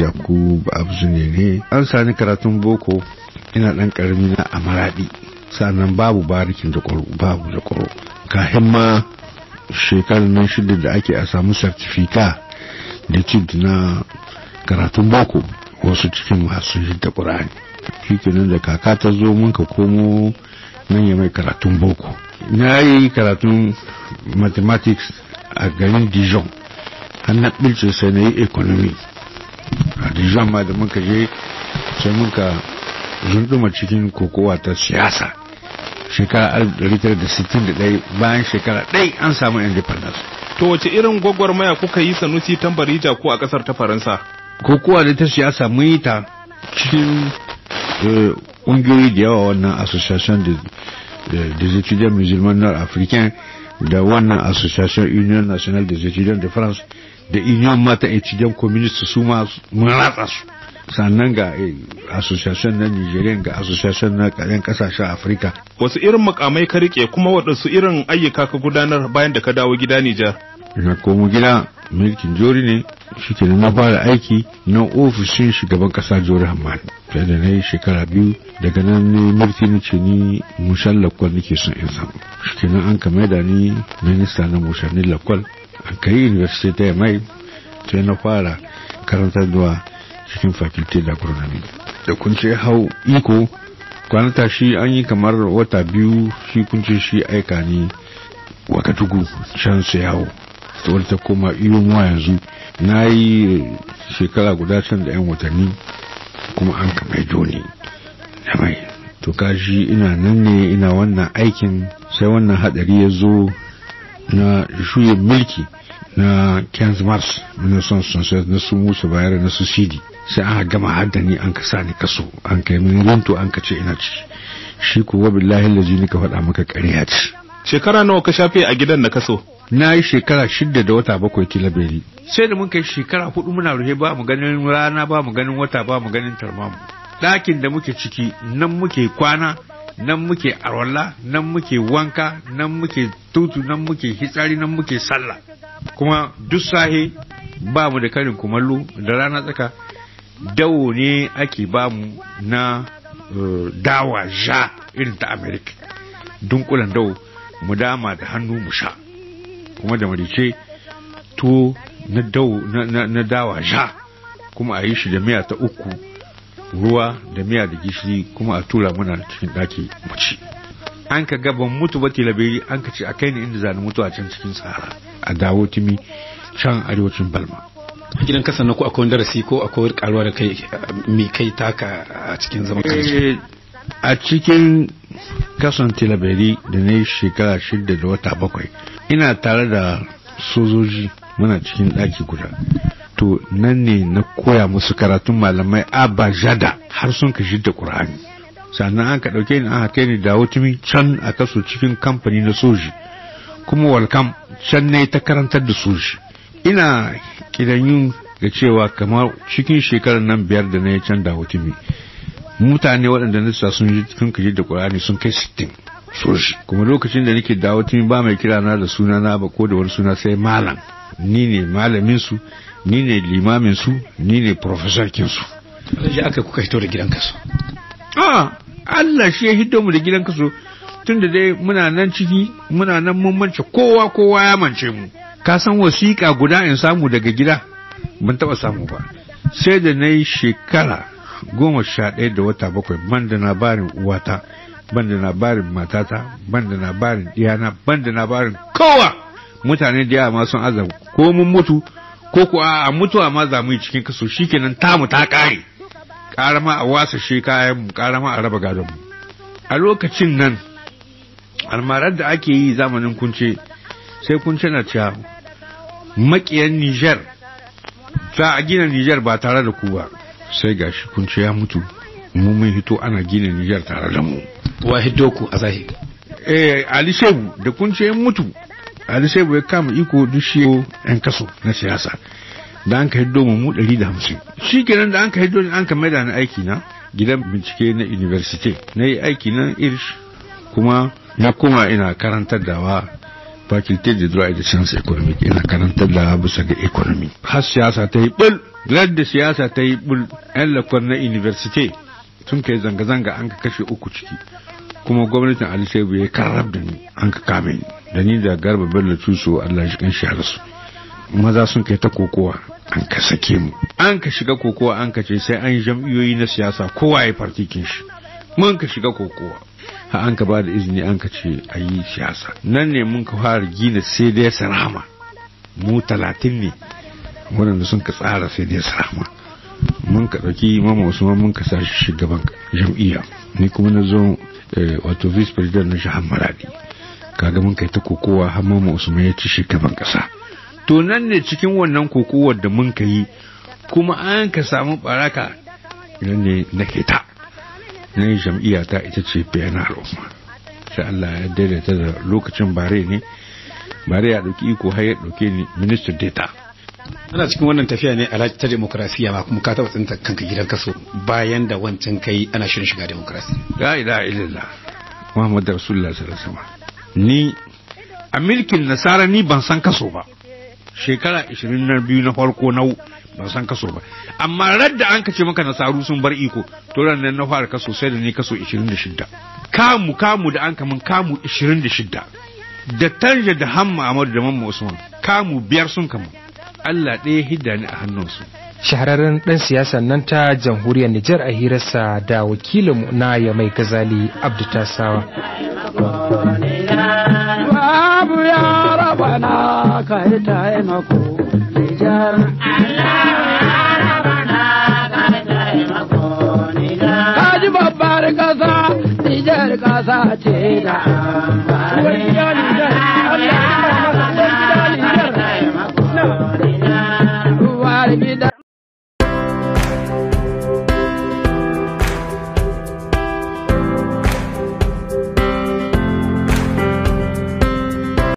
Yakubu abu ne an sani karatun boko ina dan karami na a maradi sannan babu barikin da kwaro babu da kwaro kahin ma shekarun nan shida da ake a samu sartifika da cid na karatun boko wasu cikin masu da ƙur'ani shi kenan da kaka ta zo mun ka komo nan ya mai karatun boko na yi karatun mathematics a garin dijon har na bilce sai na yi economy dijon ma da muka je sai muka zunduma cikin kokowa ta siyasa shekara 1961 bayan shekara ɗai an samu independence to wace irin gwagwarmaya kuka yi sanusi tambari ko a kasar ta faransa kokowa da ta siyasa mun yi ta cikin eh, ƙungiyoyi da yawa wannan association des étudiants musulmans nord africains da wannan association union nationale des étudiants de france da union mata a cikin communist su ma mun su sannan ga eh, association na nigerian ga association na karen kasashen afirka wasu irin makamai ka rike kuma waɗansu irin ayyuka ka gudanar bayan da ka dawo gida nijar na komo gida milkin jori ne shi na fara aiki na ofishin shugaban ƙasa jori hamad fiye da na yi shekara biyu daga nan ne mulki nace ni mushan lakwal nake son in samu shi an kame da ni minista na mushanin lakwal kai university mai sai na fara karantarwa cikin faculty da agronomy da kunce hau iko kwanata shi an yi kamar wata biyu shi ce shi aika ni wakatugu shan sai hau ta koma iyo ma yanzu na yi shekara guda can da 'yan watanni kuma an kamar joni da mai to kashi ina nan ne ina wannan aikin sai wannan hadari ya zo na juye mulki na 15 mars 1976 na su musu bayar na su sidi sai aka gama haddani an kasa sa ni kaso an kai min rinto an kace ce ina ciki shi kuwa billahi lazi ni ka faɗa maka ƙarya ce shekara nawa ka shafe a gidan na kaso na yi shekara shidda da wata bakwai kila beri. sai da mun kai shekara hudu muna rufe ba mu ganin rana ba mu ganin wata ba mu ganin tarmamu ɗakin da muke ciki nan muke kwana nan muke arwalla nan muke wanka nan muke tutu nan muke hitsari nan muke sallah kuma duk sahe ba mu da karin kumallo da rana tsaka dawo ne ake ba mu na eh, dawa ja irin ta america dunkulan dawo mu dama da hannu mu sha kuma da marice tuwo na dawa ja kuma a yi shi da miya ta uku ruwa da miya da gishiri kuma a tura muna cikin daki mu an ka ga ban mutu ba tilabiri an ka ce a kai ni inda zani mutu a can cikin sahara a dawo timi can arewacin balma gidan kasa na ku akwai darasi ko akwai karuwa da kai mai kai taka a cikin zaman eh, a cikin kasan tilabiri da na yi shekara shida da wata bakwai ina tare da sojoji muna cikin daki guda to nan ne na koya musu karatun malamai abajada har sun ka da ƙur'ani sannan an ka ɗauke ni an kai ni da wutumi can a kaso cikin kamfani na soji kuma walkam can ne ta karantar da soji ina kidanyu ga cewa kamar cikin shekarar nan biyar da na yi can da wutumi mutane waɗanda nisa sun ji da ƙur'ani sun kai sittin kuma lokacin da nake dawo tun ba mai kira na da suna na ba ko da wani suna sai malam ni ne malamin su ni ne limamin su ni ne professor kin su aka kuka hito da gidan kaso ah Allah shi ya hito mu da gidan kaso tun da dai muna nan ciki muna nan mun mance kowa kowa ya mance mu ka san wasiƙa guda in samu daga gida ban taba samu ba sai da na yi shekara goma sha ɗaya da wata bakwai man da na barin uwata ban da labarin matata ban da labarin diyana ban da labarin kowa mutane da yawa sun azab ko mun mutu ko ko a mutuwa ma za mu yi cikin kaso shikenan tamu ta kare karama a wasa shi kayan mu karama a raba gadon mu a lokacin nan almarar da ake yi zamanin kunce sai kunce na cewa makiyan Niger za a gina Niger ba tare da ku ba sai gashi kunce ya mutu mu mun hito ana gina Niger tare da mu wa hiddo ku a zahiri eh ali shehu da kun ce mutu ali shehu ya kama iko duk yan kaso na siyasa da an ka hiddo mu 150 shi kenan da an ka hiddo an ka maida na aiki na gidan bincike na university na yi aiki na irish kuma na kuma ina karantar da wa faculty de droit de science economic ina karantar da bisa ga economy har siyasa ta yi bul grad da siyasa ta yi bul yan lakwar na university tun kai zanga-zanga an ka kashe uku ciki kuma gwamnatin Ali sai ya karrab da ni an ka kame ni da ni da Garba Bello Tuso Allah shi kan shi maza sun kai ta kokowa an ka sake mu an ka shiga kokowa an ka ce sai an jam'iyoyi na siyasa kowa ya kin shi mun ka shiga kokowa ha an ka ba da izini an ka ce a yi siyasa nan ne mun ka fara gina sai dai sarama mu talatin ne waɗanda sun ka tsara sai dai sarama mun ka ɗauki mama usman mun ka sa shi shugaban jam'iyya ni kuma na zo Eh, wato vice president na jihar maradi kaga mun kai ta kokowa har mama usman ya ci shugaban kasa to nan ne cikin wannan kokowar da mun kai kuma an ka samu baraka nan ne nake ta ne jam'iyya ta ita ce bayanan al'umma sai Allah ya daidaita da lokacin bare ne bare ya ɗauki iko har ya ɗauke ni ministan data ana cikin wannan tafiya ne a ta demokrasiya ma kuma ka taɓa tsinta kanka gidan kaso bayan da wancan kai ana shirin shiga demokrasi la ilaha illallah muhammad rasulullah sallallahu alaihi wasallam ni a milkin nasara ni ban san kaso ba shekara 22 na farko na ban san kaso ba amma radda an kace maka nasaru sun bar iko to ran nan na fara kaso sai da ni kaso 26 kamu kamu da an kamun kamu 26 da tanja da hamma amadu da mamma usman kamu biyar sun kamu Allah ɗaya hidda ni a hannunsu shahararren ɗan siyasa nan ta jamhuriyar Nijar a hirarsa da wakilinmu na Yamai Gazali Abdu Tasawa. Babu ya raba na ka yi taimako Nijar. babbar ƙasa Nijar ƙasa ce da amfani. Allah